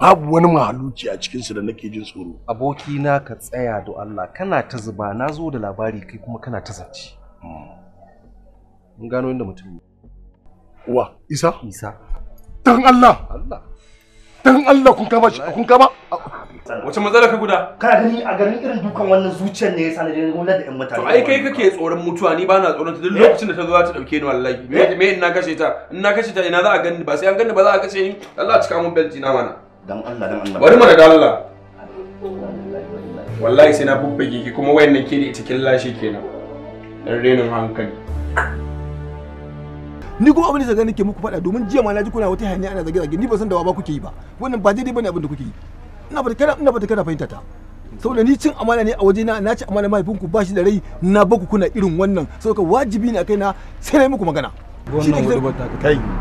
babu wani mahaluci a cikinsu da nake jin tsoro aboki na ka tsaya da Allah kana ta zuba na zo da labari kai kuma kana ta zance mun gano inda mutum ne. wa isa isa dan Allah Allah dan Allah kun kama shi kun kama wace matsala ka guda kana gani a garin irin dukan wannan zuciyar ne yasa da wala da yan mutane to ai kai kake tsoron mutuwa ni bana tsoron ta duk lokacin da ta zo ta dauke ni wallahi me me ina kashe ta ina kashe ta ina za a gani ba sai an gani ba za a kashe ni Allah cika mun belji na mana dan Allah dan Allah bari mana da Allah wallahi sai na bubbage ki kuma wayannan ke da ita kin lashe kenan dan renin hankali ni kuma abin da zaga nake muku faɗa domin jiya ma na kuna wata hanya ana zage zage ni ba san da wa ba kuke yi ba wannan ba daidai bane abin da kuke yi ina fata kana ina fata kana fahimta ta saboda ni cin amana ne a waje na na ci amana mahaifinku ba shi da rai na baku kuna irin wannan saboda wajibi ne a kaina sai na yi muku magana wannan wadda kai